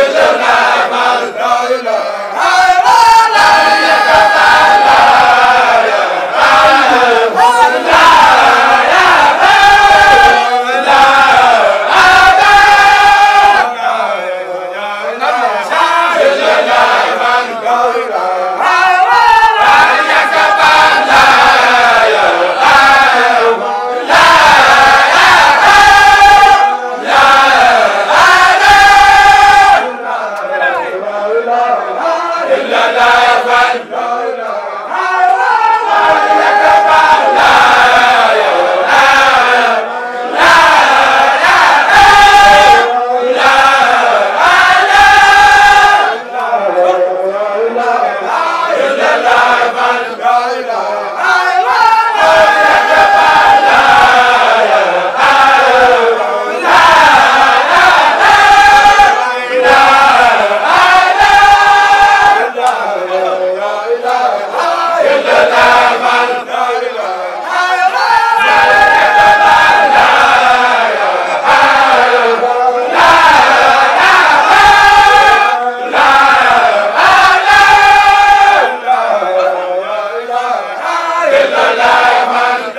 la la la Muhammad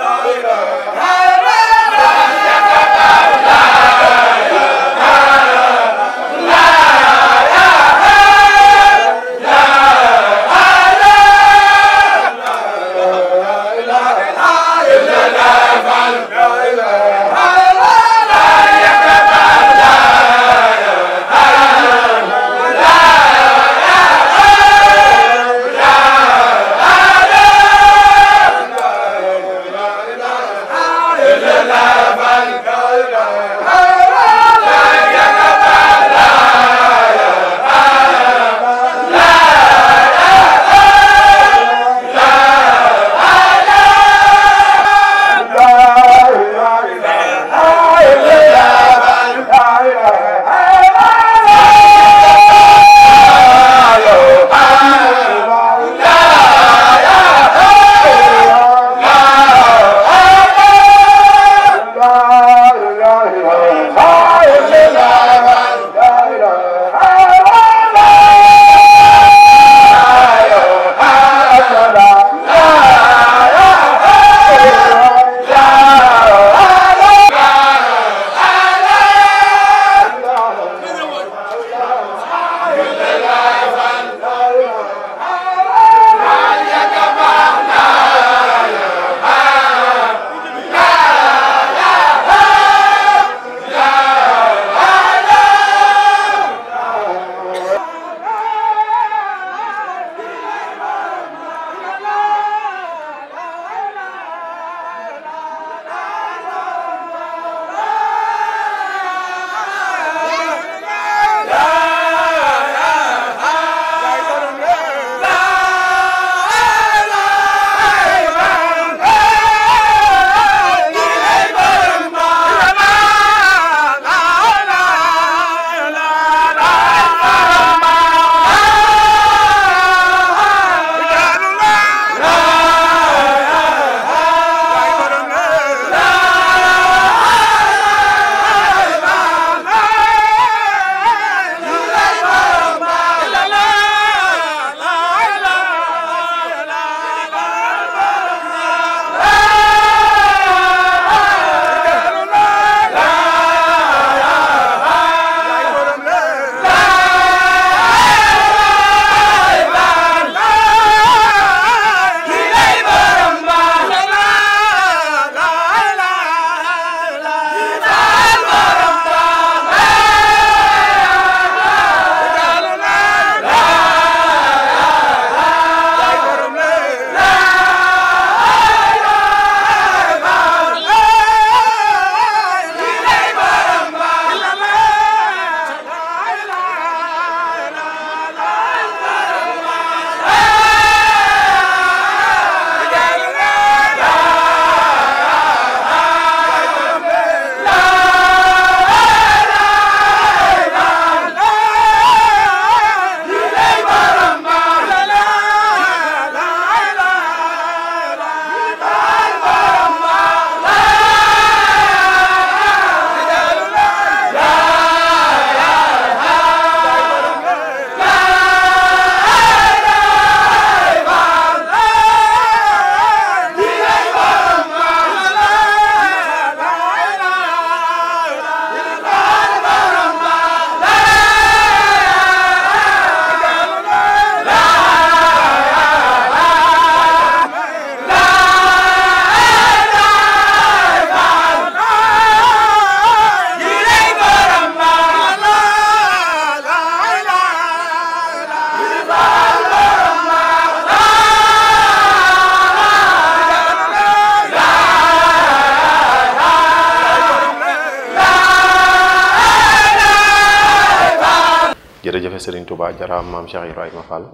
Serigne Touba jaraam maam Cheikh Ibrahima Fall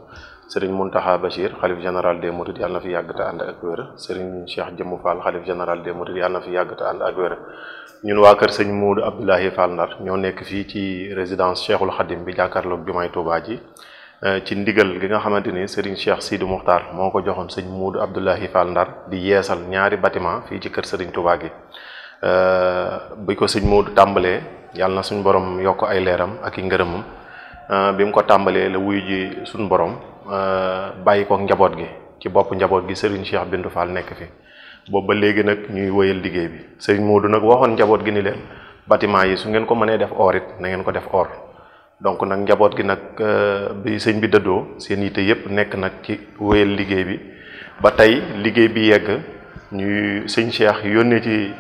Serigne Mountakha Bachir xalif général des Mourides yàlla na fi yàgg te ànd ak wér Serigne Cheikh Jëmmu Fall xalif général des Mourides yàlla fi yàgg te ànd ak wér ñun waa kër sëñ Moudou Abdoulahi Fall Ndar ñoo nekk fii ci résidence Cheikhul Khadim bi jàkkaarloog jumaay Touba ji eh, ci ndigal gi nga xamante ni Serigne Cheikh Sidou Mokhtar moo ko joxoon sëñ Moudou Abdoulahi Fall Ndar di yeesal ñaari bâtiment fii ci kër Serigne Touba gi eh, bi ko sëñ Moudou tàmbalee yàlla na suñ borom yokk ay leeram ak i ngërëmam Euh, bi mu ko tàmbalee la wuy ji suñu borom euh, bàyyi ko njaboot gi ci bopp njaboot gi Serigne Cheikh Bintou Fall nekk fi boobu ba léegi nag ñuy wëyal liggéey bi Serigne Modou nag waxoon njaboot gi ni leen bâtiment yi su ngeen ko mënee def or it na ngeen ko def or donc nag njaboot gi nag euh, bi sëñ bi dëddoo seen yitte yëpp nekk nag ci wëyal liggéey bi ba tey liggéey bi yegg ñuy sëñ Cheikh yónnee ci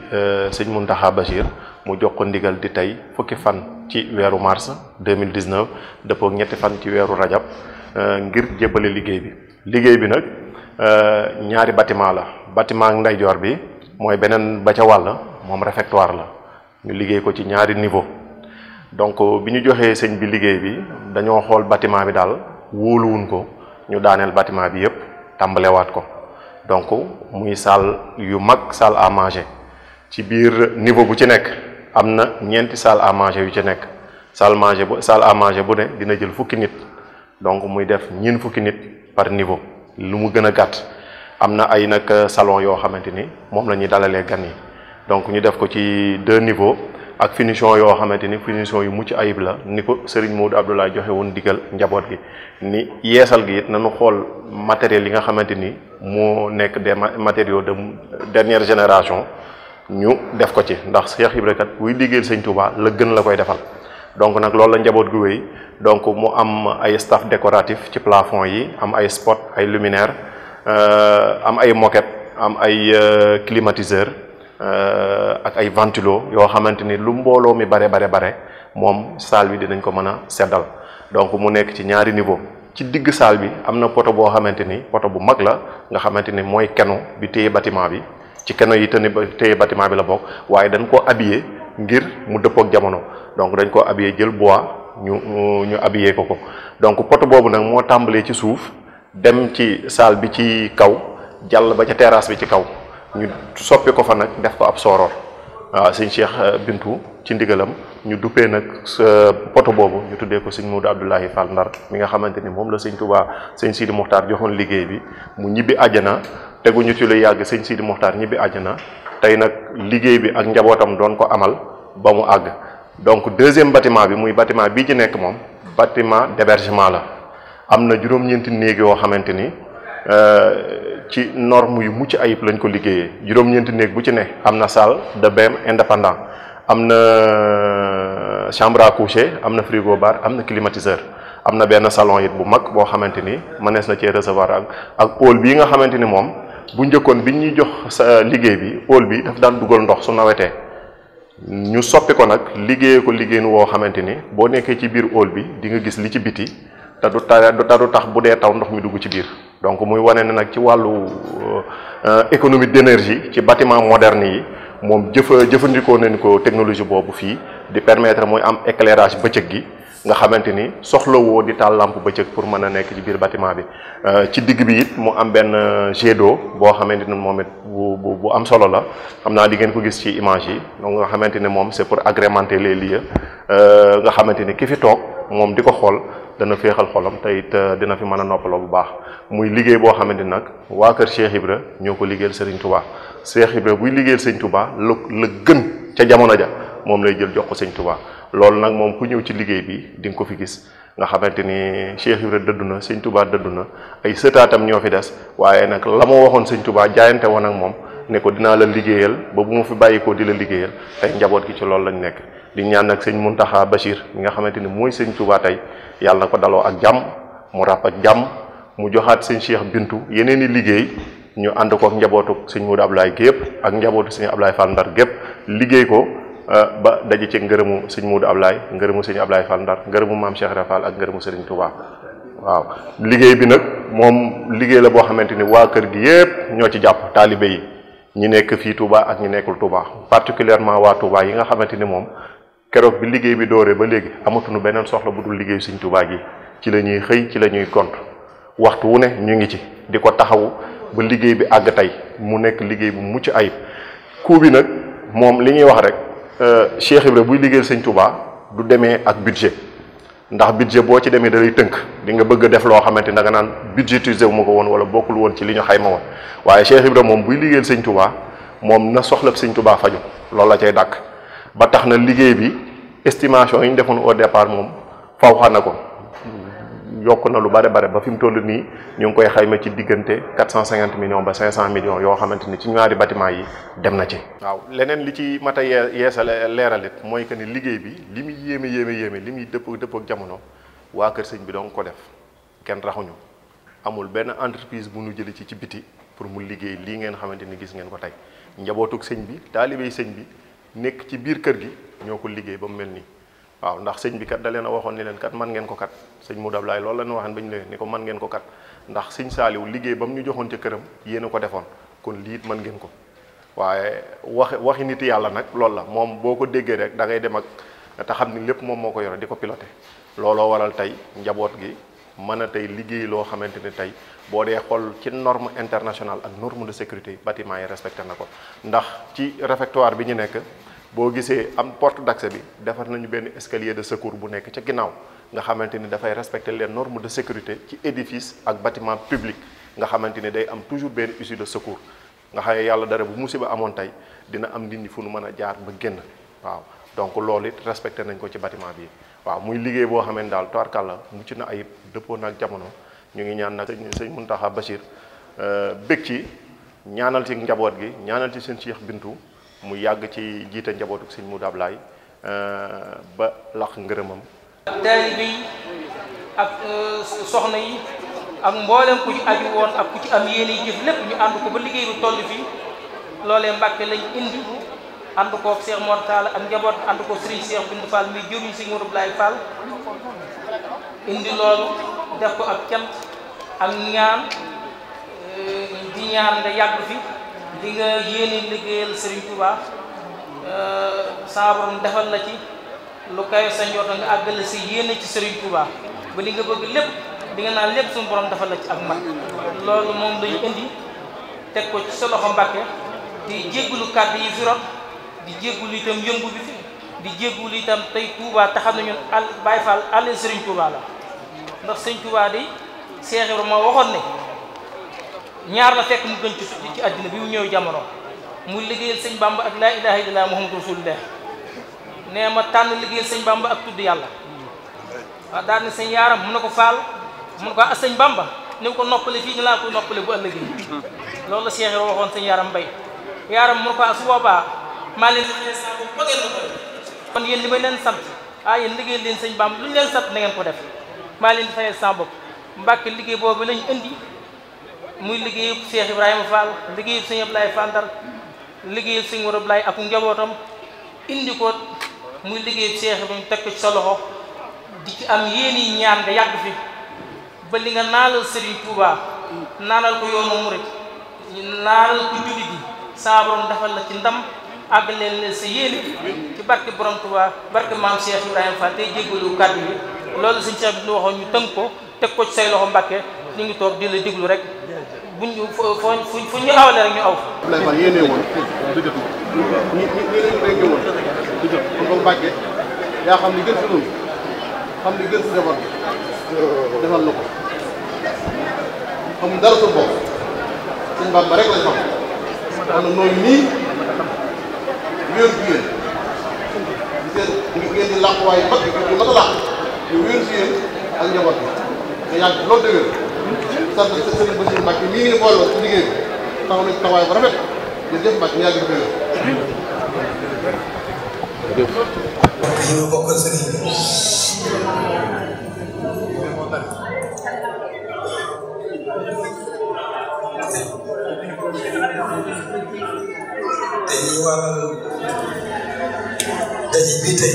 sëñ Mountakha Bachir mu jox ko ndigal di tey fukki fan ci weeru mars 2019 dëppoog ñetti fan ci weeru rajab euh, ngir jébbale liggéey bi liggéey bi nag euh, ñaari bâtiment la bâtiment ndeyjoor bi mooy beneen ba ca wàll moom réfectoire la ñu liggéey ko ci ñaari niveau donc bi ñu joxee sëñ bi liggéey bi dañoo xool bâtiment bi daal wóoluwun ko ñu daaneel bâtiment bi yépp tàmbalewaat ko donc muy salle yu mag salle à manger ci biir niveau bu ci nekk am na ñeenti salle à manger yu ci nekk salle manger bu salle à manger bu ne dina jël fukki nit donc muy def ñin fukki nit par niveau lu mu gën a gàtt am na ay nag euh, salon yoo xamante ni moom la ñuy dalalee gan yi donc ñu def ko ci deux niveaux ak finition yoo xamante ni finition yu mucc ayib la ni ko Serigne Modou Abdoulaye joxe woon digal njaboot gi ni yeesal gi na nañu xool matériel yi nga xamante ni moo nekk des matériaux de dernière génération ñu def ko ci ndax Cheikh Ibra kat buy liggéeyal sëñ Touba la gën la koy defal donc nag loolu la njaboot gu wéy donc mu am ay staff décoratif ci plafon yi am ay spot ay luminaire euh, am ay moket am ay euh, climatiseur euh, ak ay ventilo yoo xamante ni lu mbooloo mi bare bare bare moom salle bi dinañ ko mën a seddal donc mu nekk ci ñaari niveau ci digg salle bi am na poto boo xamante ni poto bu mag la nga xamante ni mooy kenu bi téye bâtiment bi ci kena yi teye batima bi la bok waye dañ ko habillé ngir mu ak jamono donc dañ ko habillé jël bois ñu ñu habillé ko ko donc pot bobu nak mo tambalé ci suuf dem ci salle bi ci kaw jall ba ci terrasse bi ci kaw ñu soppi ko fa nak def ko ab soror wa seigne cheikh euh, bintu ci ndigalam ñu duppee nag pot bobu ñu tuddé ko seigne Moudou abdullahi Fall Ndar mi nga xamanteni mom la seigne Touba seigne Sidi Mokhtar joxone liggéey bi mu ñibi aljana teguñu ci lu yàgg sëñ Sidi Mokhtar ñibbi àjjana tey nag liggéey bi ak njabootam doon ko amal ba mu àgg donc deuxième bâtiment bi muy bâtiment bii ci nekk moom bâtiment d'hébergement la am na juróom-ñeenti néeg yoo xamante ni euh, ci norme yu mucc ayib lañ ko liggéeyee juróom-ñeenti néeg bu ci ne am na salle de bain indépendant am na euh, chambre à coucher am na frigo bar am na climatiseur am na benn salon it bu mag boo xamante ni mënees na cee recevoir ak ak hall bii nga xamante ni moom. bu njëkkoon bi ñuy jox sa euh, liggéey bi pôle bi daf daan dugal ndox su nawetee ñu soppi ko nag liggéeyee ko liggéey woo xamante ni boo nekkee ci biir pôle bi di nga gis li ci biti te du ta du tax bu dee taw ndox mi dugg ci biir donc muy wane ne nag ci wàllu euh, économie d'énergie ci batiment moderne yi moom jëfa jëfandikoo nañ ko technologie boobu fii di permettre muy am éclairage bëccëg gi nga xamante ni soxlawoo di taal lampe bëccëg pour mën a nekk ci biir bâtiment bi euh, ci digg bi it mu am benn euh, jet d'eau boo xamante ni moom it bu bu bu am solo la xam naa di ngeen ko gis ci image yi donc nga xamante ni moom c'est pour agrémenter les lieux euh, nga xamante ni ki fi toog moom di ko xool dana féexal xolam tey it dina fi mën a noppaloo bu baax muy liggéey boo xamante ni nag waa kër Cheikh Ibra ñoo ko liggéeyal Serigne Touba Cheikh Ibra buy liggéeyal Serigne Touba la la gën ca jamono ja. mom lay jël jox ko sëñ Touba lool nak mom ku ñew ci liggey bi di nga ko fi gis nga xamanteni Cheikh ibrahim deuduna seigne Touba deuduna ay sëtaatam ño fi dess waye nak la waxon seigne Touba jaayante won ak mom ne ko dina la liggéeyal ba bu mu fi bayiko dila la ay njabot gi ci lool lañ nek di ñaan nak seigne muntaha bashir mi nga xamanteni moy seigne Touba tay yalla ko dalo ak jam mu rap ak jam mu joxat seigne Cheikh Bintu yeneeni liggey ñu and ko ak njabootu seigne Modou Ablaye gep ak njabootu seigne Ablaye Fall Ndar ko Euh, ba daje ci ngërëmu sëñ Muudu Ablaay ngërëmu sëñ Ablaay Fall Ndar ngërëmu maam Cheikh Ibra Fall ak ngërëmu sëriñ Touba waaw liggéey bi nag moom liggéey la boo xamante ni waa kër gi yépp ñoo ci jàpp taalibe yi ñi nekk fii Touba ak ñi nekkul Touba particulièrement waa Touba yi nga xamante ni moom keroog bi liggéey bi dooree ba léegi amatuñu beneen soxla bu dul liggéey sëñ Touba gi ci la ñuy xëy ci la ñuy gont waxtu wu ne ñu ngi ci di ko taxawu ba liggéey bi àgg tey mu nekk liggéey bu mucc ayib coût bi nag moom li ñuy wax rek Euh, Cheikh Ibra buy liggéeyal sëñ tubaa du demee ak budget ndax budget boo ci demee da lay tënk di nga bëgg def loo xamante ni da nga naan budgétisé wu ma ko woon wala bokkul woon ci li ñu xayma woon waaye Cheikh Ibra moom buy liggéeyal sëñ Touba moom na soxla sëñ Touba faju loolu la cay dàkk ba tax na liggéey bi estimation yi ñu defoon au départ moom faw xana ko yokk na lu bare bare ba fi mu toll nii ñu ngi koy xayma ci diggante 450 millions ba 500 millions yoo xamante ni ci ñaari bâtiment yi dem na ci. waaw leneen li ci mat a yeesale leeralit mooy que ni liggéey bi li muy yéeme yéeme yéeme li muy dëpp dëpp ak jamono waa Kër Sëñ bi doon ko def kenn raxuñu amul benn entreprise bu ñu jëlee ci ci biti pour mu liggéey lii ngeen xamante ni gis ngeen ko tey njabootug sëñ bi taalibey sëñ bi nekk ci biir kër gi ñoo ko liggéey ba mu mel nii. waaw ndax sëñ bi kat da leen a waxoon ni leen kat man ngeen ko kat sëñ Modou Ablaye loolu la ñu waxoon ba leen ni ko man ngeen ko kat ndax sëñ Saaliw liggéey ba mu ñu joxoon ca këram yéen a ko defoon kon lii it ngeen ko waaye wax waxi nit yàlla nag loolu la moom boo ko déggee rek da ngay dem ak te xam ni lépp moom moo ko yore di ko piloté looloo waral tey njaboot gi mën a tey liggéey loo xamante ni tey boo dee xool ci norme internationale ak norme de sécurité bâtiment yi respecté na ko ndax ci réfectoire bi ñu nekk boo gisee am porte d'accès bi defar nañu benn escalier de secours bu nekk ca ginnaaw nga xamante ni dafay respecter leen normes de sécurité ci édifice ak bâtiment public nga xamante ni day am toujours benn issue de secours nga xam ne yàlla dara bu musiba amoon tey dina am nit ñi fu nu mën a jaar ba génn waaw donc loolu it respecté nañ ko ci batiment bi waaw muy liggéey boo xamee ne daal la mucc na ayib dëppoo ak jamono ñu ngi ñaan nag sëñ Muntaxa Bachir euh, bég ci ñaanal ci njaboot gi ñaanal ci seen Cheikh Bintu mu yag ci jiite njabootu sëñ Modou euh ba lakh ngeureumam taalibe yi ak euh, soxna yi ak mbolam ku ci aju won ak ku ci am yene yi jëf lépp ñu and ko ba liggey lu tollu fi lolé mbacké lañ indi and ko ak Cheikh mortal ak njabot and ko Serigne Cheikh bindou Fall mi jëriñ Sëñ Modou Ablaye Fall indi loolu def ko ak cant ak ñaan euh, di ñaan nga yag fi li nga yéene liggéeyal Serigne Touba euh, sa borom defal la ci lu kawe sa njort nga àggale si yéene ci Serigne Touba ba li bëgg lépp di nga naan lépp suñu borom la ci ak mat loolu moom lañu indi teg ko ci sa loxo di jéggulu kàddu yi fi di jéggulu itam yëngu bi fi di jéggulu itam tey Touba te xam ne ñun al Baye Fall la ndax Serigne Touba di Cheikh Ibrahima moo waxoon ne ñaar la fekk mu gën ci ci àddina bi mu ñëw jamono mu liggéeyal sëñ Bamba ak laa ilaha illallah muhammadu rasulullah nee ma tànn liggéeyal sëñ Bamba ak tudd yàlla waaw sëñ yaaram mu ne ko faal mu ne ko ah sëñ Bamba ni ko noppale fii ni laa ko noppale bu ëllëgee loolu la Cheikh Ibrahima waxoon sëñ yaaram mbay yaaram mu ne ko ah su boobaa maa leen kon yéen li leen sant ah yéen liggéeyal leen sëñ Bamba lu ñu leen sant na ngeen ko def maa leen di fayal sama bopp mbàkk liggéey boobu lañ indi muy liggéeyub Cheikh Ibrahima Fall liggéeyub sëñ Ablaye Fall Ndar liggéeyub sëñ Mourou Ablaye ak njabootam indi ko muy liggéeyub Cheikh bi ñu teg ko ci sa loxo di ci am yéeni ñaan yàgg fi ba li nga naanal Serigne Touba naanal ko yoonu murit naanal ko jullit yi ci ndam àgg leen leen sa borom Touba barke maam Cheikh Ibrahima Fall loolu sëñ Cheikh bi ñu waxoon ñu ko teg ko say loxo Mbàkke ñu ngi toog di la rek buñ foo fuñ ñu xawalee rek ñu aw. Abdoulaye Fall yéenee woon du jot woon du jot kon ko Mbàkke yaa xam li gën xam li gën si defar defal na ko xam dara suñu bopp suñu Bàmba rek lañ xam kon nii wéeru waaye mag yu mat a làq ñu wéeru si yéen ak njaboot bi nga yàgg loolu dëgër sant sëriñ Bassirou Mbacke mii ngi booloo ci liggéey bi taxaw nañ taxawaay bu rafet jërëjëf Mbacke ñu yàgg dëgg la ñu bokkal sëriñ bi dañuy waral dañuy bii tey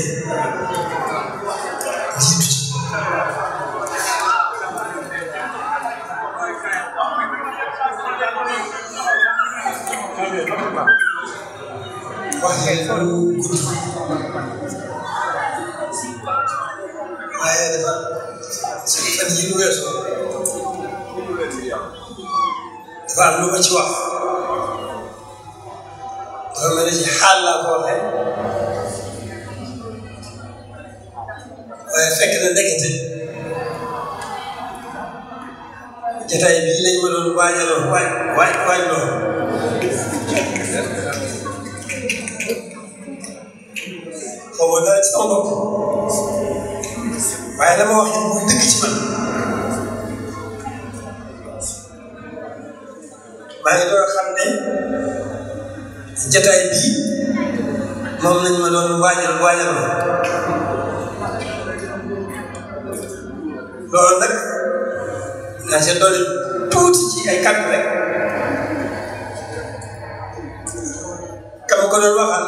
fan wu gudd waaye dafa suñu fan yi ñu weesu dafa am lu ma ci wax dafa mel ni ci xaal laa ko waxee waaye fekk na ndekete jotaay bii lañ ma doon waajaloon waaj waaj waaj loolu waxuma dara ci sama bopp waaye la ma wax muy dëgg ci man maa ngi doon xam ne jataay bii moom lañ ma doon waajal waajal ma loolu nag naa se doon tuuti ci ay kàddu rek kama ko doon waxal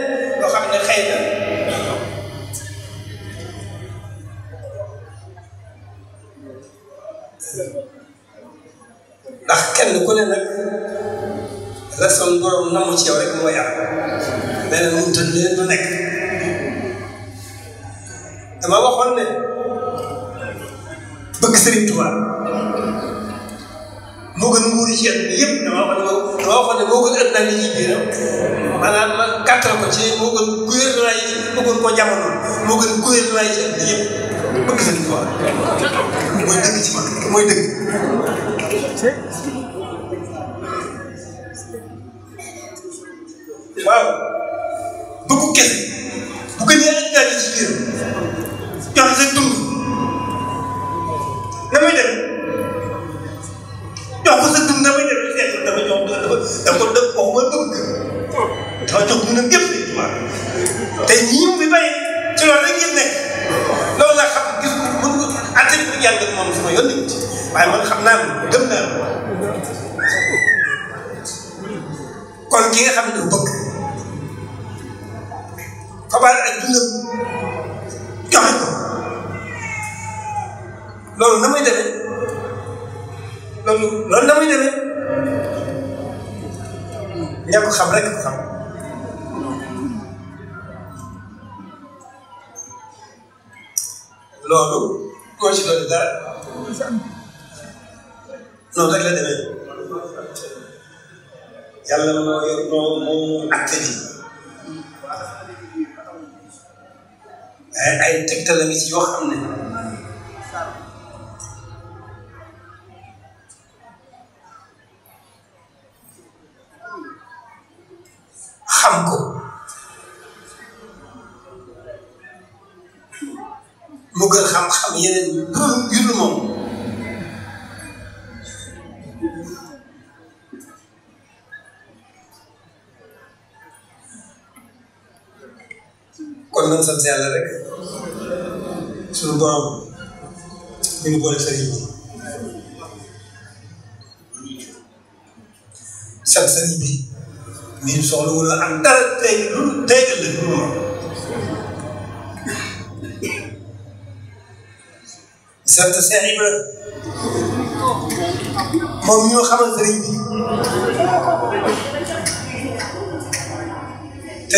suñu borom namu ci yow rek mooy am leneen mënut a nekk dama waxoon ne bëgg Sëriñ Tuubaa moo gën nguuri ci at yëpp dama waxoon ne moo gën ëpp naa li ci biiram maanaam ma kàttal ko moo gën gouvernement yi moo gën koo jamono bëgg Sëriñ Tuubaa mooy dëgg ci man mooy dëgg. waaw bëggu kese bu gën a engagé ci biir joxe sa dund na muy dem jox ko sa dund na muy dem seet dafa jox dafa dafa def ko ma bëgg dafa jox dundam yëpp te ñii mu fi bàyyi ci loolu rek ngeen nekk loolu laa xam gis ko mën ko àtte bi yàlla moom sama yoon nañ ci waaye man xam naa gëm naa kon ki nga xam ne dafa bëgg xabaar ak dundam joxe loolu na muy demee loolu na muy demee ña ko xam rek ko xam loolu koo ci doon noonu rek ay ay tegtal la gis yoo xam ne xam ko mu gën xam-xam yeneen yu dul moom. ناقص أمثلة على ذلك شنو الضرب بنقول فريد سبسني بي من شغله ولا عن درد تاجل تاجل سبت ساعي بره moom ñoo xamal sëriñ bi te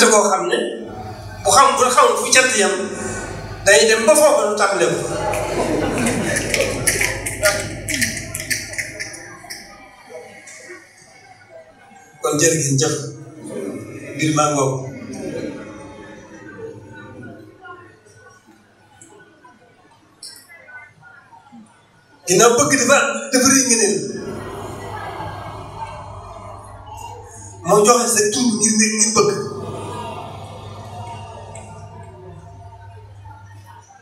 cant koo xam ne bu xam bu xamul fu cant yam day dem ba foofu tax lépp kon jërë ngeen jëf mbir maa ngoog ginnaaw bëgg dafa dafa rëy ngeen moo joxe sa tur ngir ngir bëgg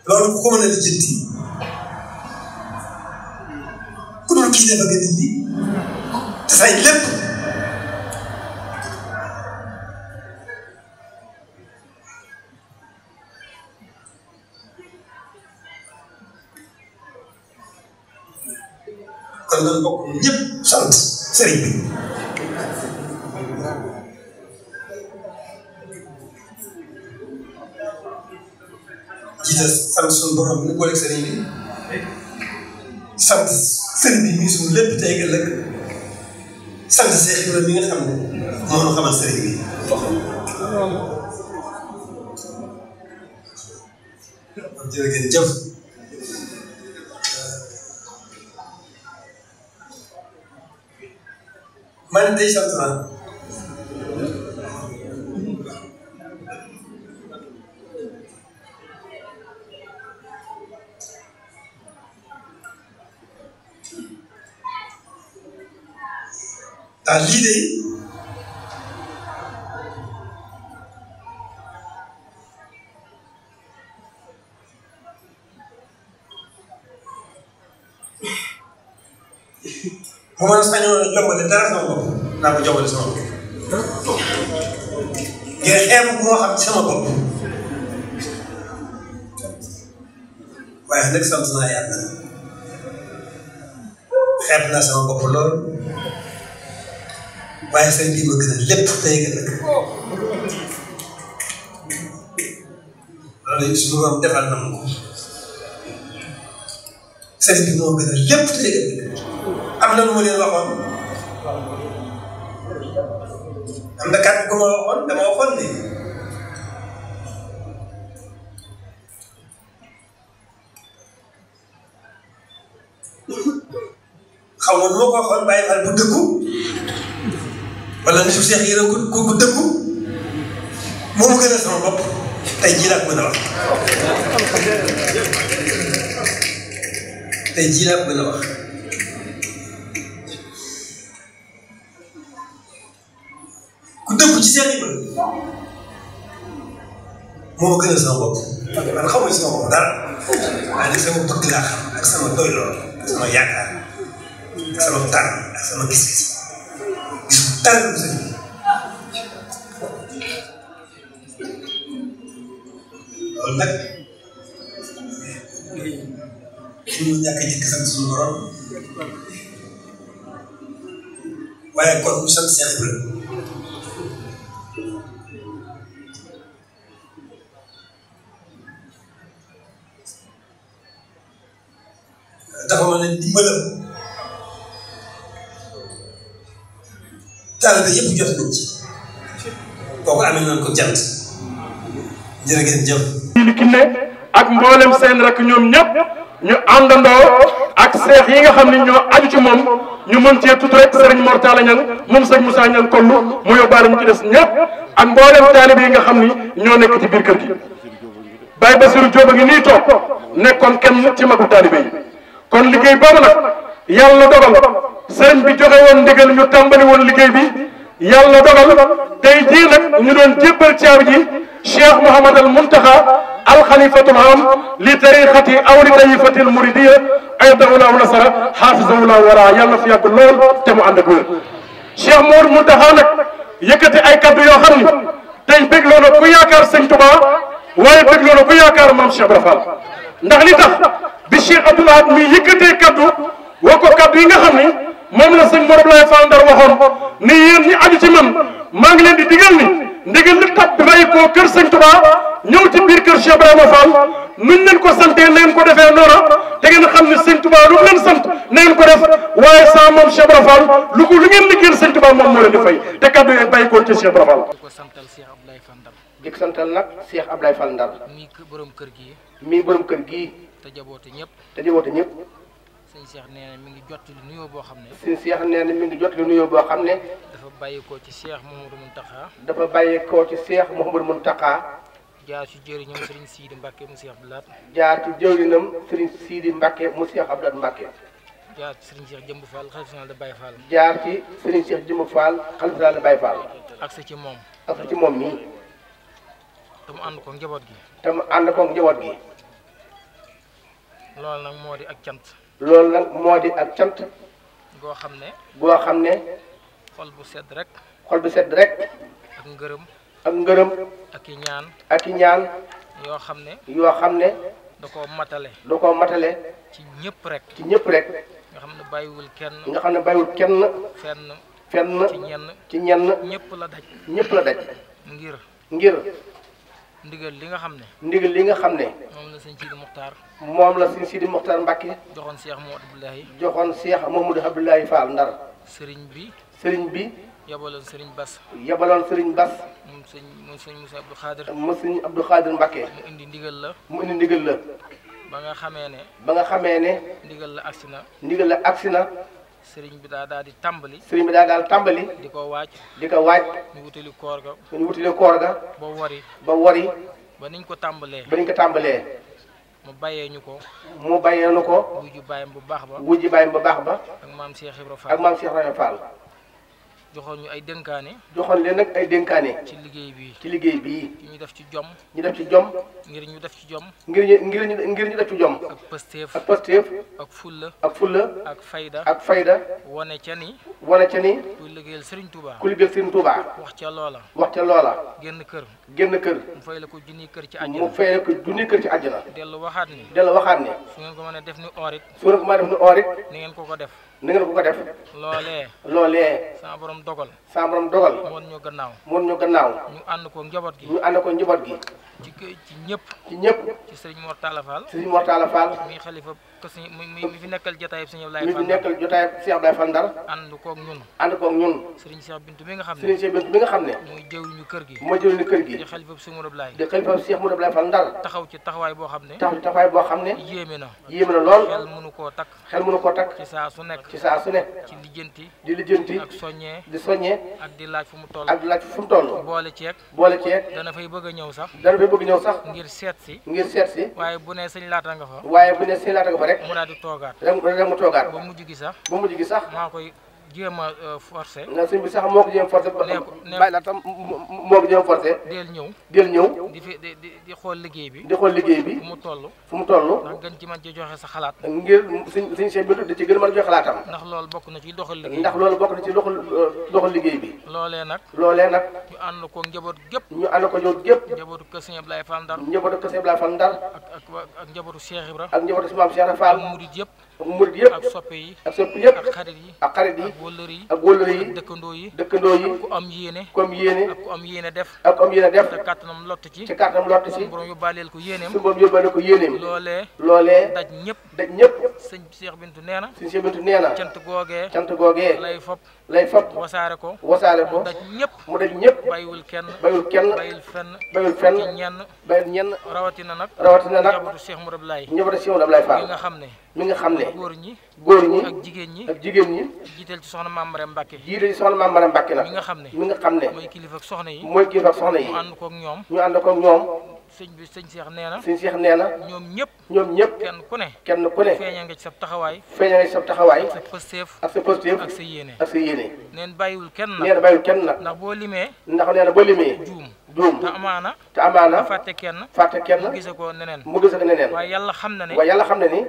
loolu ku ko mën a lijjanti ku dul kilifa nga dindi te say lépp kon nan bokk ñëpp sant sëriñ bi suñu borom bi ñu booleeg sëriñ bi sant sëriñ bi muy suñu lépp tey ëllëg sant Cheikh Ibrahima mi nga xam ne moo ñu xamal sëriñ bi jërë ngeen jëf man day sant naa lëmbale dara sama bopp naa ko jawwale sama bopp ngir xeebu boo xam ci sama bopp waaye nag sant naa yàlla xeeb naa sama bopp lool waaye sëñ bi ma gën a lépp tey nga nag loolu suñu borom defal na ma ko sëñ bi moo gën a lépp tey nga nag am na lu ma leen waxoon am na kàddu nga ma waxoon dama waxoon ne xaw ma nu ma ko waxoon bàyyi wala nitu seex yi ku ku ku dëggu moomu gën a sama bopp tey wax tey jii laa wax. ci seen i bët moo gën a sama bopp man xaw ma ci sama bopp dara waaye sama bëgg laa xam ak sama doy lool ak sama yaakaar ak sama tar ak sama gis-gis gis tar loolu nag suñu ñàkk a jëkk sant suñu borom waaye kon bu taxaw na dimbalam taalibe yëpp jot nañ ci kooku amee nañ ko jant jërë ngeen jëf kinne ak mboolem seen rek ñoom ñëpp ñu àndandoo ak seex yi nga xam ne ñoo aju ci moom ñu mën cee tudd rek sëriñ Mor Talla Niang moom sëriñ Moussa Niang kollu mu yóbbaale ñu ci des ñëpp ak mboolem taalibe yi nga xam ni ñoo nekk ci biir kër gi Baye Bassirou Diop nii toog nekkoon kenn ci magu taalibe yi kon liggéey boobu nak yàlla dogal sëriñ bi joxe won ndigal ñu tàmbali won liggéey bi yàlla dogal tay ji nak ñu doon jeppal caabi ji cheikh mohammed al muntaha Muntaxa alxalifatul am li tariqati aw li tariqatil muridiya ay dawla sara hafizu la wara yàlla fi yàgg lool te mu ànd ak wér. cheikh Mouhamad muntaha nak yëkkati ay kaddu yo xamni tay bëgg loolu ku yaakar sëñ touba waaye bëgg loolu ku yaakar mam Cheikh rafal ndax li tax bi Cheikh Abdoul Ahad mi yëkkatee kaddu woo ko kaddu yi nga xam ni moom na sëñ Mor Abdoulaye Fall Ndar waxoon ni yéen ñi aju ci maa ngi leen di digal ni ndigal li tab bi bàyyi koo kër sëñ Touba ñëw ci biir kër Cheikh Ibrahima Fall nuñ leen ko santee na ngeen ko defee noona te ngeen xam ne sëñ Touba lu mu leen sant na ngeen ko def waaye saa moom Cheikh Ibrahima Fall lu ko lu ngeen liggéeyal sëñ Touba moom moo fay te kaddu yi koo ci Cheikh Ibrahima Fall jëkk santal nak Cheikh Ablaye Fall Ndar. mi borom keur gi mi borom keur gi ta jabote ñep ta jabote ñep seigne Cheikh neena mi ngi jotti lu nuyoo boo xam ne. Cheikh neena mi ngi jotti lu nuyoo boo xam ne. dafa bàyyeekoo ci Cheikh Mouhamadou muntaha dafa baye ko ci Cheikh Mouhamadou muntaha jaar ci jeeri jëriñam Serigne Sidi Mbacke mu Cheikh abdallah jaar ci jeeri jëriñam Serigne Sidi Mbacke mu Cheikh abdallah Mbacke. jaar ci Serigne Cheikh Jëmb Fall xalifa général Baye Fall. jaar ci Serigne Cheikh Jëmb Fall xalifa général Baye Fall. ak sa ci mom ak sa ci mom mi mu ànd ko njaboot gi. te mu ànd ko njaboot gi. loolu nag moo di ak cant. loolu nag moo di ak cant. goo xam ne. goo xam ne. xol bu sedd rek. xol bu sedd rek. ak ngërëm. ak ngërëm. ak i ñaan. ak i ñaan. yoo xam ne. yoo xam ne. da koo matale. da koo matale. ci ñëpp rek. ci ñëpp rek. nga xam ne bàyyiwul kenn. xam ne bàyyiwul kenn. fenn. fenn ci ñenn. ci ñenn. ñëpp la daj. ñëpp la daj. ngir. ngir. ndigal li nga xam ne. ndigal li nga xam ne. moom la sëñ Sidi Muxtaar. moom la sëñ Sidi Muxtaar Mbacke. joxoon Cheikh Mouhamadou Abdoulaye. joxoon Cheikh Mouhamadou Abdoulaye Fall Ndar. sëriñ bi. sëriñ bi. yabaloon sëriñ Bas. yebaloon sëriñ Bas. moom sëñ moom sëñ Moussa Abdou Khadir. moom sëñ Abdou Khadir Mbacke. mu indi ndigal la. mu indi ndigal la. ba nga xamee ne. ba nga xamee ne. ndigal la agsi na. ndigal la agsi na. sëriñ bi daa daal di tàmbali. sëriñ bi daa daal tàmbali. di ko waaj. di ko waaj. ñu wutali koor ga. ñu wutali koor ga. ba wari. ba wari. ba niñ ko tàmbalee. ba niñ ko tàmbalee. mu bàyyee ñu ko. mu bàyyee ñu ko. wujju bàyyam bu baax ba. wujju bàyyam bu baax ba. ak maam Cheikh Ibrahima Fall. ak maam Cheikh joxoon ñu ay dénkaane. joxoon leen nag ay dénkaane. ci liggéey bi ci liggéey bi ñu def ci jom. ñu def ci jom. ngir ñu def ci jom. ngir ñu ngir ñu ngir ñu def ci jom. ak pësteef ak pësteef. ak fulla. ak fulla. ak fayda. ak fayda. wane ca ni. wane ca ni. kuy liggéeyal Serigne Touba. kuy liggéeyal Serigne Touba. wax ca loola. wax ca loola. génn kër. génn kër. mu fay la ko junni kër ci àjjana. mu fay kër ci àjjana. dellu waxaat ni. dellu waxaat ni. su ngeen ko mën a def ni or su ngeen ko mën a def ni or it. ngeen ko ko def na ngeen ko ko def. loolee. loolee. saa borom dogal. saa borom dogal. moon ñoo gannaaw. moon ñu gannaaw. ñu ànd ko njaboot gi. ñu ànd ko njaboot gi. ci ci ñëpp. ci ñëpp. ci sëriñ Mor Talla Fall. sëriñ Mor Talla Fall. muy xalifa nekk suñu mi fi nekkal jotaayub suñu Ablaye Fall mi fi nekkal jotaayub suñu Ablaye Fall Ndar ànd koog ñun ànd koog ñun sëriñ Cheikh Bintu mi nga xam ne sëriñ Cheikh Bintu mi nga xam ne muy jëwriñu kër gi mooy jëwriñu kër gi di xalifa suñu Modou Ablaye di xalifa Cheikh Modou Ablaye Fall Ndar taxaw ci taxawaay boo xam ne taxaw ci taxawaay boo xam ne yéeme na yéeme na lool xel mënu koo takk xel mënu koo takk ci saa su nekk ci saa su nekk ci lijjanti di lijjanti ak soññee di soññee ak di laaj fu mu toll ak di laaj fu mu toll boole ceeg boole ceeg dana fay bëgg a ñëw sax dana fay bëgg a ñëw sax ngir seet si ngir seet si waaye bu ne sëñ laata nga fa waaye bu ne sëñ laata nga fa rek. mu daal di toogaat rek mu toogaat. ba mujj gi sax. ba mujj gi sax. maa koy jéem a euh, forcé. na sëñ bi sax moo ko jéem forcé. bàyyi la tam moo ko jéem forcé. del ñëw del ñëw. di fi di di xool liggéey bi. di xool liggéey bi. fu mu toll. fu mu toll. ndax gën ci mën ci joxe sa xalaat. ngir suñ suñ seen bëtu da ci gën a mën joxe xalaatam. ndax loolu bokk na ci doxal liggéey ndax loolu bokk na ci doxal euh, doxal liggéey bi. loolee nag. loolee nag. ñu ànd ko njaboot gépp. ñu ànd ko njaboot gépp. njabootu Kër Sëñ Ablaye Fall Ndar. njabootu Kër Sëñ Ablaye Fall Ndar. ak ak njabootu Cheikh Ibra. ak njabootu Maam murid yëpp ak soppe yi ak soppe yëpp ak xarit yi ak xarit yi ak wëllër yi ak wëllër yi dëkkandoo yi dëkkandoo yi ku am yéene ku am yéene ku am yéene def ak ku am yéene def te kàttanam lott ci te kàttanam lott ci su borom yóbbaaleel ko yéeneem su borom yóbbaaleel ñëpp daj ñëpp sëñ Cheikh Bintu nee na sëñ Cheikh Bintu nee na cant googee cant googee lay fop lay fop wasaare ko wasaare ko daj ñëpp mu daj ñëpp bàyyiwul kenn bàyyiwul kenn bàyyiwul fenn bàyyiwul fenn ñenn bàyyiwul ñenn rawatina nag rawatina nag njabootu Cheikh Mourablaye njabootu Cheikh Mourablaye Fall nga xam ne mi nga xam ne góor ñi góor ñi ak jigéen ñi ak jigéen ñi jiital ci soxna Mame Maram Mbacke jiital ci soxna Mame Maram Mbacke nag mi nga xam ne mi nga xam ne mooy kilifa ak soxna yi mooy kilifa yi ñu ànd koog ñoom ñu ànd sëñ sëñ Cheikh nee na sëñ Cheikh nee na ñoom ñëpp ñoom ñëpp kenn ku ne kenn ku ne feeñal nga ci sa taxawaay feeñal nga sa taxawaay ak sa pësteef ak sa pësteef ak sa yéene ak sa yéene neen kenn na bàyyiwul boo limee ndax nee na boo limee te amaana te amaana fàtte kenn fàtte kenn mu gise ko neneen mu gise ko neneen waaye xam na ne waaye xam na ni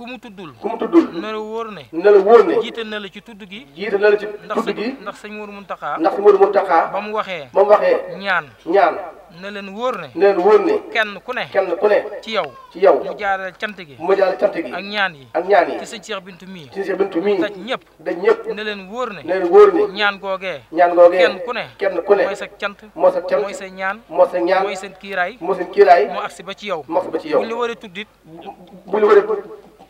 ku mu tuddul ku mu tuddul na la wóor ne na la wóor ne jiital na la ci tudd gi jiital na la ci tudd gi ndax sëñ Mourou Mountakha ndax sëñ Mourou Mountakha ba mu waxee ba mu waxee ñaan ñaan na leen wóor ne na leen wóor ne kenn ku ne kenn ku ne ci yow ci yow mu jaarale cant gi mu jaarale cant gi ak ñaan yi ak ñaan yi ci sëñ Cheikh Bintu mii ci Cheikh Bintu mii daj ñëpp daj ñëpp na leen wóor ne na leen wóor ne ñaan googee ñaan googee kenn ku ne kenn ku ne mooy sa cant moo sa cant mooy sa ñaan moo sa ñaan mooy seen kiiraay moo seen kiiraay moo agsi ba ci yow moo agsi ba ci yow buñ la war a tuddit buñ la war a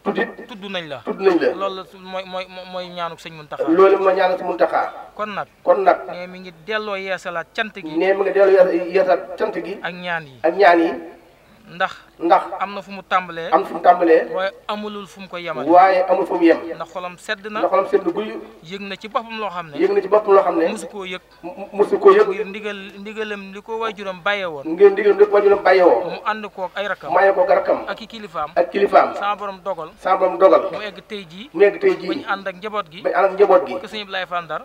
tuddit tudd nañ la tudd la loolu mooy mooy mooy ñaanu sëñ Muntaxa loolu mooy ñaanu sëñ Muntaxa kon nag kon nag nee mi ngi delloo yeesalaat cant gi nee mi ngi delloo yeesalaat cant gi ak ñaan yi ak ñaan yi ndax ndax am na fu mu tàmbalee am fu mu tàmbalee waaye amulul fu mu ko yemal waaye amul fu mu yem ndax xolam sedd na ndax xolam sedd guy yëg na ci boppam loo xam ne yëg na ci boppam loo xam ne mosu koo yëg mosu koo yëg ngir ndigal ndigalam li ko waajuram bàyyee woon ngir ndigal li ko waajuram bàyyee woon mu ànd koog ay rakam maye koog rakam ak i kilifaam ak kilifaam sama borom dogal sama borom dogal mu egg tey jii mu egg tey jii bañu ànd ak njaboot gi bañu ànd ak njaboot gi ci sëñ Ablaye Fall Ndar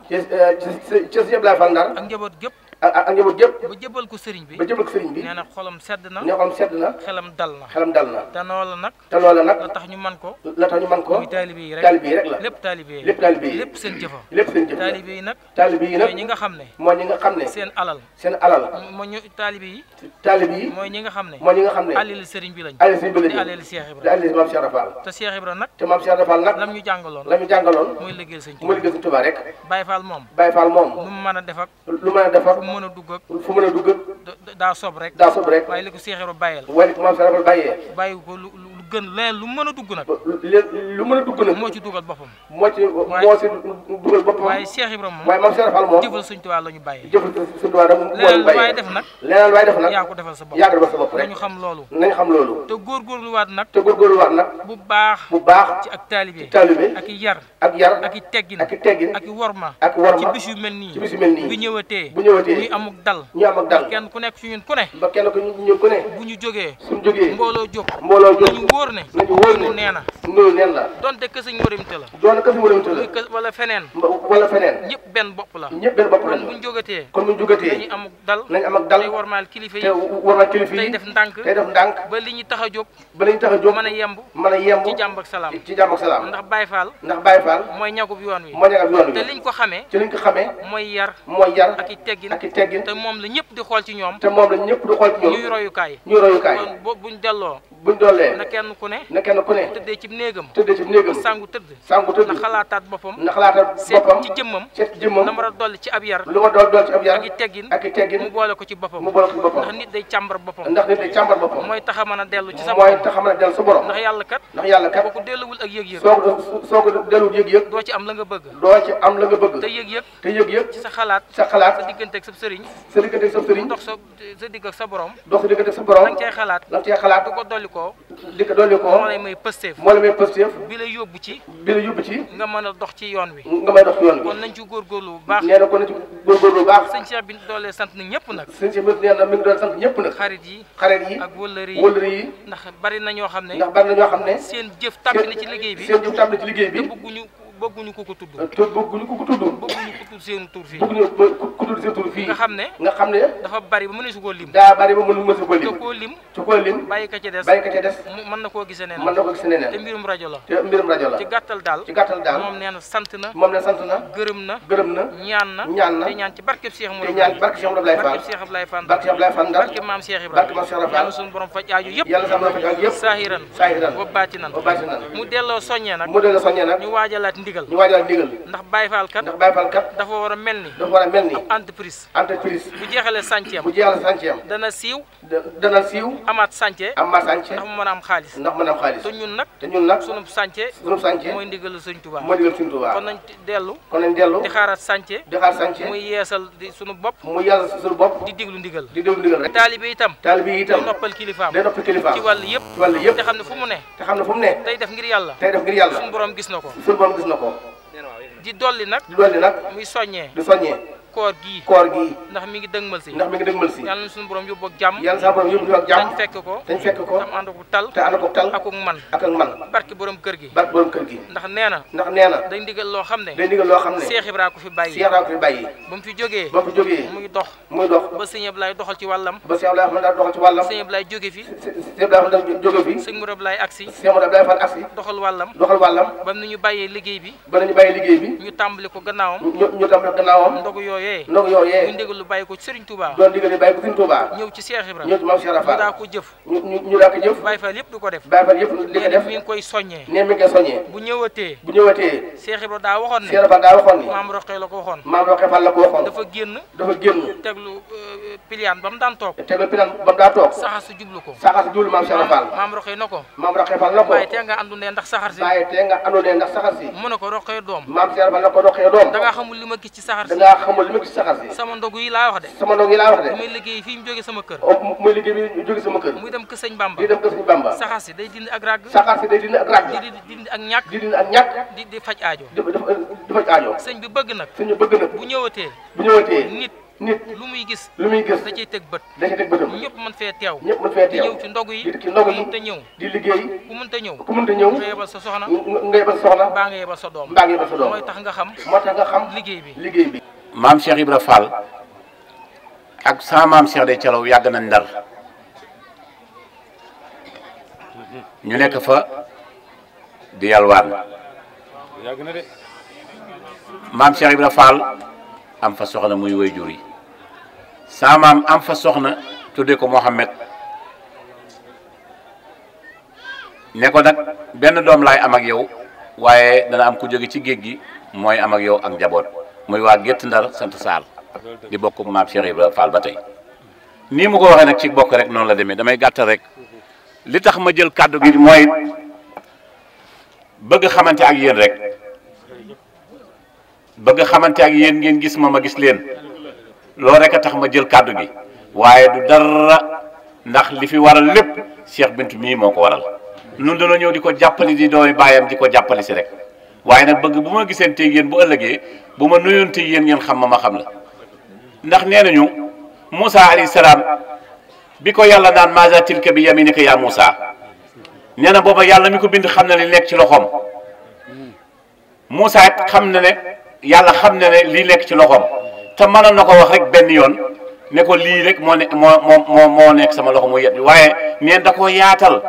eh, njaboot gépp ak njaboot yëpp ba jëbal ko sëriñ bi ba jëbal ko sëriñ bi nee na xolam sedd na nee xolam sedd na xelam dal na xelam dal na te loola nag te loola nag la tax ñu man ko la tax ñu man ko muy taalibe yi rek taalibe yi rek la lépp taalibe yi lépp taalibe yi lépp seen jëfa lépp seen jëfa taalibe yi nag taalibe yi nag mooy ñi nga xam ne mooy ñi nga xam ne seen alal seen alal mooy ñu taalibe yi taalibe yi mooy ñi nga xam ne mooy ñi nga xam ne alal sëriñ bi lañ alal sëriñ bi lañ alal Cheikh Ibra alal Maam Cheikh Rafal te Cheikh Ibra nag te Maam Cheikh Rafal nag lam ñu jàngaloon lam ñu jàngaloon mooy liggéeyal sëriñ Tuubaa mooy liggéeyal sëriñ Tuubaa rek Baye Fall moom Baye Fall moom lu mu mën a def ak lu mën a def ak mu mën a dugg ak fu mën a dugg ak daa sob rek daa sob rek waaye li ko Seex Ibra bàyyeel waaye li ko maam Seex Ibra bàyyee bàyyi ko lu gën leen lu mën a dugg nag. lu mën a dugg nag. moo ci dugal boppam. moo ci moo ci dugal boppam. waaye Cheikh Ibrahima moom waaye moom Cheikh Fall moom. jëfal suñ tubaab la ñu la ñu bàyyi leneen lu waay def nag. leneen lu waay def nag yaa ko defal sa bopp. yaa ko defal sa bopp rek nañu xam loolu. nañu xam loolu. te góorgóorluwaat nag. te góorgóorluwaat nag. bu baax. bu baax ci ak taalibe. ci taalibe ak i yar. ak yar ak i teggin. ak i teggin ak i worma. ak worma ci bis yu mel nii. ci bis yu mel nii bu ñëwatee. bu ñëwatee ñu am dal. ñu amuk dal kenn ku nekk ci ñun ku ne. ba kenn ku ku ñu jógee. mbooloo jóg. mbooloo wóor ne lu wóor ne nee na loolu neen la donte kësi ngóorimte la doon kësi ngóorimte la wala feneen wala feneen ñëpp benn bopp la ñëpp benn bopp la buñ jógatee kon buñ jógatee dañuy am ak dal nañ am ak dal War mal kilifa yi war mal kilifa yi tey def ndànk tey def ndànk ba li ñu tax a jóg ba li ñu tax a jóg mën a yemb mën a yemb ci jàmm ak salaam ci jàmm ak salaam ndax Baye Fall ndax Baye Fall mooy ñagub yoon wi mooy ñagub yoon wi te liñ ko xamee ci liñ ko xamee mooy yar mooy yar ak teggin ak teggin te moom la ñëpp di xool ci ñoom te moom la ñëpp di xool ci ñoom ñuy royukaay ñuy royukaay buñ delloo buñ doolee na kenn kenn ku ne na kenn ku ne tëddee ci néegam tëddee ci néegam sangu tëdd sangu tëdd na xalaataat boppam na xalaataat boppam seet ci jëmmam seet ci jëmmam la ma a dolli ci ab yar lu ma dool dool ci ab yar ak i teggin ak i teggin mu boole ko ci boppam mu boole ko ci boppam ndax nit day càmbar boppam ndax nit day càmbar boppam mooy tax a mën a dellu ci sa borom mooy tax a mën a dellu sa borom ndax yàlla kat ndax yàlla kat boo ko delluwul ak yëg-yëg soo soo ko delluwul yëg-yëg doo ci am la nga bëgg doo ci am la nga bëgg te yëg-yëg te yëg-yëg ci sa xalaat sa xalaat sa diggante ak sa sëriñ sa diggante ak sa sëriñ dox sa sa digg ak sa borom dox sa digg ak sa borom da nga cee xalaat da nga cee xalaat du ko dolli koo dolli ko moo lay may pësteef moo lay may pësteef bi la yóbbu ci bi la yóbbu ci nga mën a dox ci yoon wi nga mën a dox ci yoon wi kon nañ ci góorgóorlu bu baax nee na ci góorgóorlu bu baax sëñ bi doolee sant na ñëpp nag sëñ Cheikh bi nee na mi ngi sant ñëpp nag xarit yi xarit yi ak wëllër yi wëllër yi ndax bari na ñoo xam ne ndax ñoo xam ne seen jëf tàbbi na ci liggéey bi seen jëf tàbbi na ci liggéey bi te bëgguñu bëgguñu ku ko tudd euh, te bëgguñu ku ko fii nga xam ne nga xam ne dafa bari ba mënu su koo lim daa bari ba mënu mësu koo lim te koo des mën na koo gisee neneen mën na koo gisee neneen te mbirum rajo la te mbirum rajo la ci gàttal daal moom nee na sant na moom ne sant na gërëm na gërëm na ñaan na ñaan na te ñaan ci barkeb Cheikh Mourou ñaan barkeb Cheikh Abdoulaye Fall barkeb Cheikh Abdoulaye Fall barkeb Abdoulaye Fall barkeb maam Cheikh Ibrahima barkeb maam Cheikh Ibrahima borom faj aaju yëpp yàlla sama faj aaju yëpp saahiran saahiran wa mu delloo soññee nag ñu waajalaat ndigal ñu waajal ndigal ndax Baye Fall kat ndax Baye Fall kat dafa war a mel ni dafa war a mel ni entreprise entreprise bu jeexalee sànceem bu jeexalee sànceem dana siiw dana siiw amaat sànce amaat sànce ndax mu mën a xaalis a am xaalis te ñun nag te ñun nag sunu sànce sunu sànce mooy ndigal Sëñ Tuubaa mooy ndigal Sëñ Tuubaa kon nañ dellu kon nañ dellu di xaaraat sànce di xaar sànce muy yeesal di sunu bopp muy yeesal sunu bopp di déglu ndigal di déglu ndigal rek taalibe itam taalibe itam day noppal kilifaam day noppal kilifaam ko na ko. di dolli nag. di dolli nag. muy soññee. di soññee. koor gii koor gii ndax mi ngi dëgmal si ndax mi ngi dëgmal si yàlla na suñu borom yóbbu ak jàmm yàlla na suñu borom yóbbu ak ko ak man barki borom kër gi ndax nee ndax nee dañ digal loo xam ne dañ fi bàyyi Cheikh fi bàyyi ba mu fi jógee ba mu fi jógee muy dox muy dox ba sëñ doxal ci wàllam ba jóge fi sëñ fi sëñ Mourad Ablaye agsi sëñ doxal wàllam doxal wàllam ba ñu bàyyee liggéey bi ba ñu bàyyee liggéey bi ñu tàmbali ko gannaawam ñu tàmbali ko yooyee ndogu yor yee ñu ndigal lu bàyyi ko Serigne Touba doon ndigal lu bàyyi ko Serigne Touba ñëw ci Cheikh Ibrahima ñëw ci Mame Cheikh Ibra Fall ñu daa ko euh, jëf na ko Mame Rokhaya Fall na ko bàyyi nga andundee ndax ndax saxar si mu ne ko Rokhaya doom Mame Cheikh Ibra na ko Rokhaya doom da xamul li gis ci saxar si ma gis sama ndog yi laa wax de sama ndog yi laa wax de muy liggéey fii mu jóge sama kër oh, muy liggéey bi jóge sama kër muy dem kër sëñ Bamba muy dem kër sëñ si day dindi ak ragg saxaar si day dindi ak ràgg di dindi ak ñàkk di di di faj aajo di faj aajo sëñ bi bëgg nag sëñ bi bëgg nag bu ñëwatee bu ñëwatee nit nit lu muy gis lu muy gis da cay teg bët da cay teg bëtam ñëpp mën fee teew ñëpp mën fee teew di ndog yi ci ndog yi mënta ñëw di liggéey ku mënta ñëw ku mënta ñëw nga yebal sa soxna nga yebal sa soxna mbaa nga yebal sa doom mbaa nga yebal sa doom mooy tax nga xam moo tax nga xam liggéey bi liggéey bi maam cheikh ibra fall ak sa mam cheikh de calaw yag na ndar ñu nek fa di yalwaan mam cheikh ibra fall am fa soxna muy way yi sa mam am fa soxna tudde ko mohammed ne ko nag benn doom am ak yow waye dana am ku jóge ci geeg gi moy am ak yow ak jabot muy wa gett ndal sante sal di bokk maam Cheikh Ibrahima Fall batay ni mu ko waxe nak ci bokk rek non la demé damay gatt rek li tax ma jël kàddu gi moy bëgg xamanté ak yeen rek bëgg xamanté ak yeen ngeen gis ma ma gis leen lo rek tax ma jël kàddu gi waye du dara ndax li fi waral lepp Cheikh bint mi moko waral. nun dañoo ñëw di ko jappali di doy bayam di ko ci rek. waaye nag bëgg bu ma gisanteeg yéen bu ëllëgee bu ma nuyonteeg yéen ngeen xam ma ma xam la ndax nee nañu Moussa alayhi salaam bi ko yàlla naan maza tilka bi yaminika yaa Moussa nee na booba yàlla mi ko bind xam na li nekk ci loxoom Moussa xam na ne yàlla xam na ne lii nekk ci loxoom te mënoon na ko wax rek benn yoon ne ko lii rek moo ne moo nekk sama loxo mu waaye neen da ko yaatal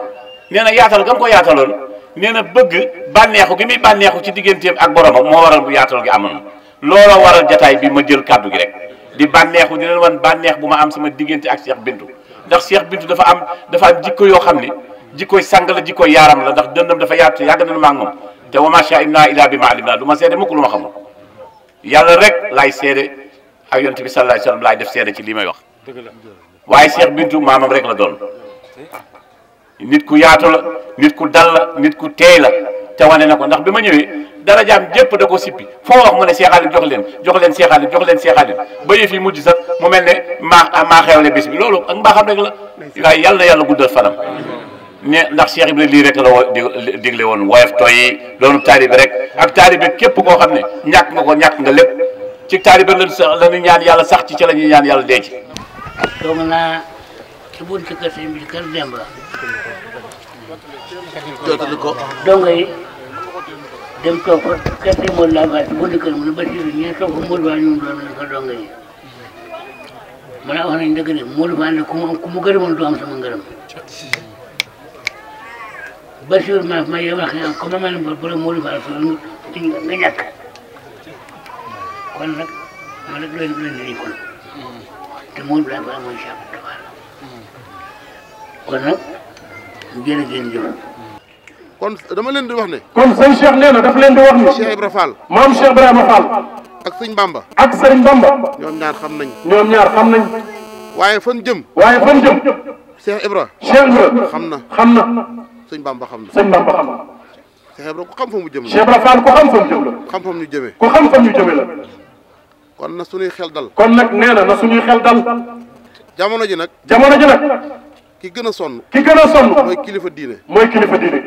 nee na yaatal gam ko yaataloon. nee na bëgg bànneexu gi muy bànneexu ci digganteem ak boromam moo waral bu yaatal gi amoon looloo waral jataay bii ma jël kàddu gi rek di bànneexu dina leen wan bànneex bu ma am sama diggante ak Cheikh Bintu ndax Cheikh Bintu dafa am dafa am jikko yoo xam ne jikkoy sang la jikkoy yaaram la ndax dëndam dafa yaatu yàgg na ma ak moom te wa maa shahidnaa illaa bimaa alimnaa du ma seede mukk lu ma xamul yàlla rek laay seede ak yonent bi sallallaahu alayhi wa laay def seede ci lii may wax waaye Cheikh Bintu maamam rek la doon nit ku yaatu la nit ku dal la nit ku teey la te wane na ko ndax bi ma ñëwee dara jaam jépp da ko sippi foo wax mu ne Cheikh Aliou jox leen jox leen Cheikh Aliou jox leen Cheikh Aliou ba yëf yi mujj sax mu mel ne maa maa xewle bés bi loolu ak mbaaxam rek la waaye yàlla na yàlla guddal fanam ne ndax Cheikh Ibrahima lii rek la wo woo digle woon woyof tooy yi doonu taalibe rek ak taalibe képp koo xam ne ñàkk nga ko ñàkk nga lépp ci taalibe la la ñu ñaan yàlla sax ci ci la ñuy ñaan yàlla dee ci ci buntu kër sëñ bi kër démb la. jottali ko dongo yi dem toog fa kër sëñ Modou Lambaye ci buntu kër mu ne Basiru ñu ne toog fa Modou Fall ñun doon nañu ko dongo yi ma la wax nañ dëgg de Modou Fall ne ku mu am ku mu gërëmoon du am sama ngërëm. Basiru ma ma yow wax yow comme ma ne ma bëri Modou Fall fi nga ñàkk kon nag ma ne doy na doy na te Modou Fall mooy càmm kon nag gën a gën jëm. kon dama leen di wax ne. kon sëñ Cheikh nee na daf leen di wax ne. Cheikh Ibra Fall. maam Cheikh Ibrahima Fall. ak sëñ Bamba. ak sëñ Bamba. ñoom ñaar xam nañ. ñoom ñaar xam nañ. waaye fan jëm. waaye fan jëm. Cheikh Ibra. Cheikh Ibra xam na. xam na. sëñ Bamba xam na. sëñ Bamba xam na. Cheikh Ibra ku xam fa mu jëm la. Cheikh Ibra Fall ku xam fa mu jëm la. xam fa mu ñu jëmee. ku xam fa mu ñu jëmee la. kon na suñuy xel dal. kon nag nee na na suñuy xel dal. jamono ji nag. jamono ji nag. ki gën a sonn. ki gën a sonn. mooy kilifa diine. mooy kilifa diine.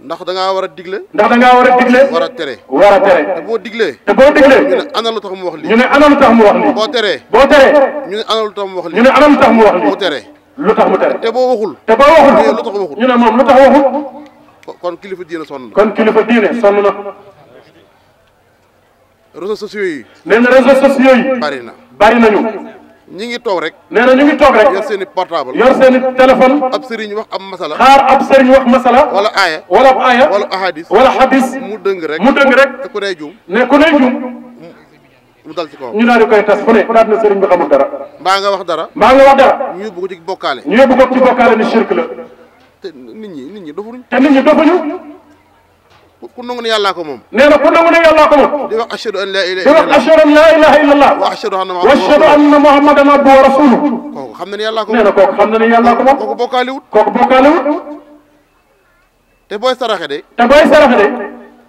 ndax da ngaa war a digle. ndax da ngaa war a digle. war a tere. war a tere. te boo diglee. te boo diglee. ñu ne ana lu tax mu wax lii. ñu ne ana lu tax mu wax lii. boo teree. boo teree. ñu ne ana lu tax mu ñu ne ana lu tax mu wax tere. lu tax mu tere. te boo waxul. te boo waxul. lu ñu ne moom lu tax waxul. kon kilifa diine sonn na. kon kilifa diine sonn na. réseaux sociaux yi. nee na réseaux sociaux yi. bari na bari nañu. ñu ngi toog rek nee na ñu ngi toog rek yor seen i portable yor seen i téléphone ab sëriñ wax am masala xaar ab sëriñ wax masala wala aaya wala aaya wala ahadis wala hadis mu dëng rek mu dëng rek te ku ne juum ne ku ne juum mu dal ci kaw ñu daal di koy tas fu ne daal na sëriñ bi xamul dara mbaa nga wax dara mbaa nga wax dara ñu yóbbu ko ci bokkaale ñu yóbbu o ci bokkaale ni shirk te nit ñi nit ñi dofuñu te nit ñi dofuñu ku nangu ne yàllaa ko moom nee na ku nangu ne yàllaa ko moom di wax ashhadu an laa ilaaha illallah di wax ashhadu an laa ilaaha illallah wa ashhadu anna wa ashhadu anna muhammadan abduhu wa rasuluhu kooku xam na ne yàllaa ko moom nee na kooku xam na ne yàllaa ko moom kooku bokkaaliwut kooku bokkaaliwut te booy saraxe de te booy saraxe de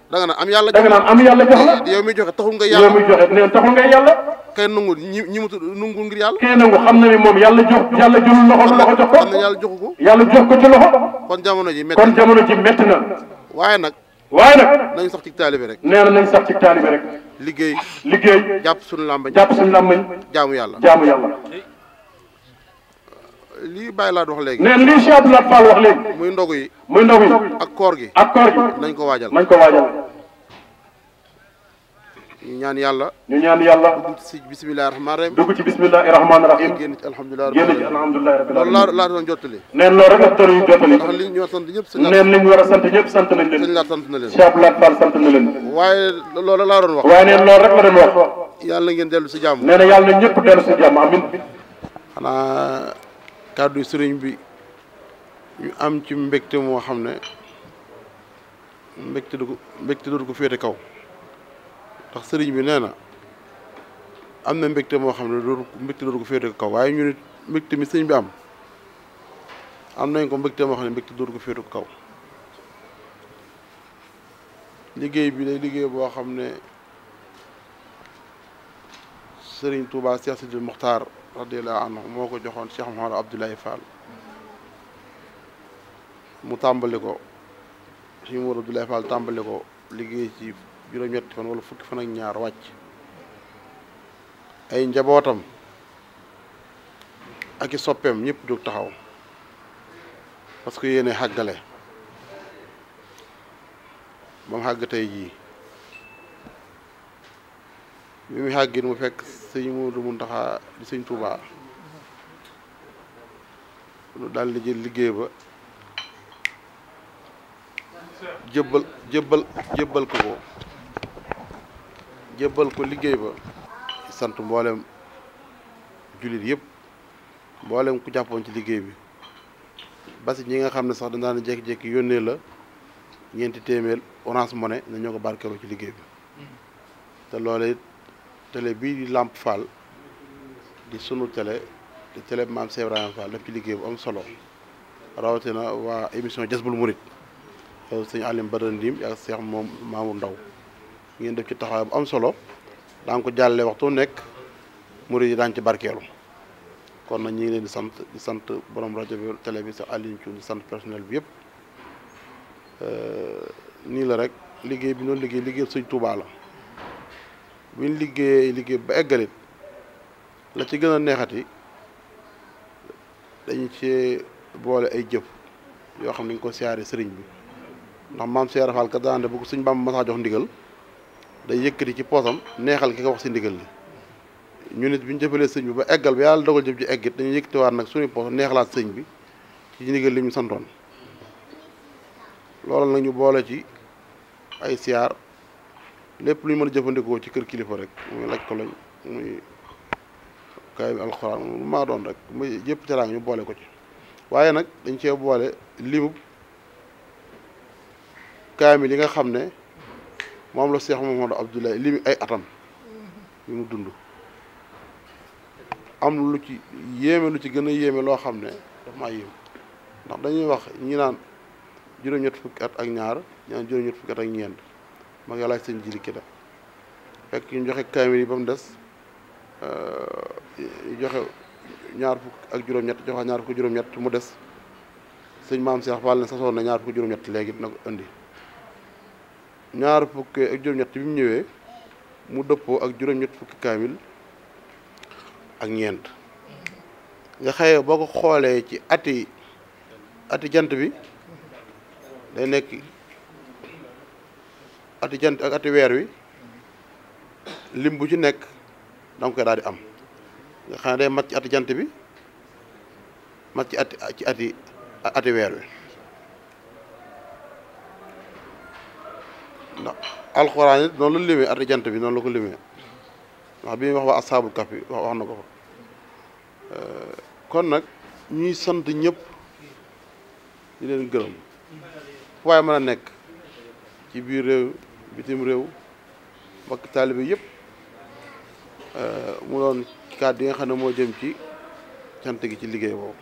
da nga naan am yàlla da nga naan am yàlla jox la yow mi joxe taxul nga yàlla yow mi joxe nee na taxul nga yàlla kay nangu ñi ñi mu nangu ngir yàlla kay nangu xam na ni moom yàlla jox yàlla jël loxo loxo jox ko xam na yàlla jox ko yàlla jox ko ci loxo kon jamono ji métti kon jamono ji métti na waaye nag waaye nag nañ sax ci taalibe rek nee na nañ sax ci taalibe rek liggéey liggéey jàpp suñ làmbañ jàpp suñu làmbañ jaamu yàlla jaamu yàlla lii Baye Laat wax léegi nee na lii Cheikh Abdoulaye Fall wax léegi muy ndogu yi muy ndogu yi ak koor gi ak koor gi nañ ko waajal nañ ko waajal ñu ñaan yàlla ñu ñaan yàlla dugg ci bismillahi rahmaani rahim dugg ci bismillahi rahmaani rahim génn ci alhamdulilah génn ci alhamdulilah rabbil alamin loolu laa doon jottali neen loolu rek la doon jottali ndax li ñu war a sant ñëpp sant neen li ñu war a sant ñëpp sant nañ leen sëñ laa sant na leen Cheikh Abdou Lahad Fall sant na leen waaye loolu laa doon wax waaye neen loolu rek la doon wax yàlla ngeen dellu si jàmm nee na yàlla na ñëpp dellu si jàmm amin xanaa kàddu sëriñ bi ñu am ci mbégte moo xam ne mbégte du mbégte du ko féete kaw ndax sëriñ bi nee na am na mbégte moo xam ne loolu mbégte loolu ko féete kaw waaye ñu ne mbégte mi sëriñ bi am am nañ ko mbegte moo xam ne mbégte loolu ko féete kaw liggéey bi day liggéey boo xam ne sëriñ Touba Cheikh Sidil Muxtaar radiyallahu anhu moo ko joxoon Cheikh Mouhamed Abdoulaye Fall mu tàmbali ko Cheikh Mouhamed Abdoulaye Fall tàmbali ko liggéey ci juróom-ñetti fan wala fukki fan ak ñaar wàcc ay njabootam ak i soppeem ñëpp jóg taxaw parce que yéene xàggale ba mu xàgg tey jii bi mu xàggit mu fekk sëñ Moodu Muntaxa di sëñ Tuubaa lu daal di liggéey ba jébbal jébbal jébbal ko ko jébbal ko liggéey ba sant mboolem jullit yëpp mboolem ku jàppoon ci liggéey bi basi ñi nga xam ne sax danaa ne jékki-jékki yónnee la ñeenti téeméer Orange Money na ñoo ko barkeeloo ci liggéey bi te loolee it télé bii di Lamp Fall di sunu télé di télé maam Cheikh Ibrahima daf ci liggéey bu am solo rawatina waa émission Jazboul Mouride sëñ Alim Badara Ndim ak Cheikh moom Mamour Ndaw ngeen def ci taxawaay bu am solo daa ko jàllee waxtu nekk mu yi daañu ci barkeelu kon nag ñu ngi leen di sant di sant boroom rajo bi télé bi sax di sant personnel bi yëpp euh, nii la rek liggéey bi noonu liggéey liggéey Sëñ Tuubaa la bu liggéey liggéey ba eggalit la ci gën a neexati dañ ci boole ay jëf yoo xam ne ñu ko siyaare sëriñ bi ndax maam siyaare Faal ka daande bu ko Sëñ Bamba masaa jox ndigal day yëkkati ci poosam neexal ki ko wax si ndigal li ñu nit bi ñu jëfalee sëñ bi ba eggal ba yàlla dogal jëf ji eggit dañuy yëkkatiwaat nag suñu poosam neexalaat sëñ bi ci ndigal li ñu santoon loolu nag ñu boole ci ay siyaar lépp lu ñu mën a jëfandikoo ci kër kilifa rek muy laj ko lañ muy kaay bi alxuraan lu maa doon rek muy yëpp teraanga ñu boole ko ci waaye nag dañ cee boole limu kaamil li nga xam ne mom la Cheikh Mamadou abdullah limi ay atam yi mu dund am lu ci yéeme lu ci gëna a lo loo daf ma yéem ndax dañuy wax ñi naan juróom ñet fukk at ak ñaar ñaan naan ñet fukk at ak ñeen ma nga laaj seen jili ki da fekk ñu joxe kaamil yi bam dess euh joxe ñaar fukk ak juróom ñet joxe ñaar fukk juróom ñet mu dess seigne mam Cheikh Fall na sasoon na ñaar fukk juróom ñet legi dina ko indi ñaar fukki ak juróom-ñett bi mu ñëwee mu dëppoo ak juróom-ñett fukki kaamil ak ñeent nga xëye boo ko xoolee ci ati ati jant bi day nekk ati jant ak ati weer wi lim bu ci nekk danga koy daal am nga xam day mat ci ati jant bi mat ci ati ci ati ati weer wi ndax alxuraan it noonu la limee ati jant bi noonu la ko limee ndax bi muy wax waa asaabul kaf bi wax na ko fa eh, kon nag ñuy sant ñépp di leen gërëm waaye mën a nekk ci biir réew bitim réew mbokk taalibe yëpp eh, mu doon kàddu yi nga xam ne moo jëm ci cant gi ci liggéey boobu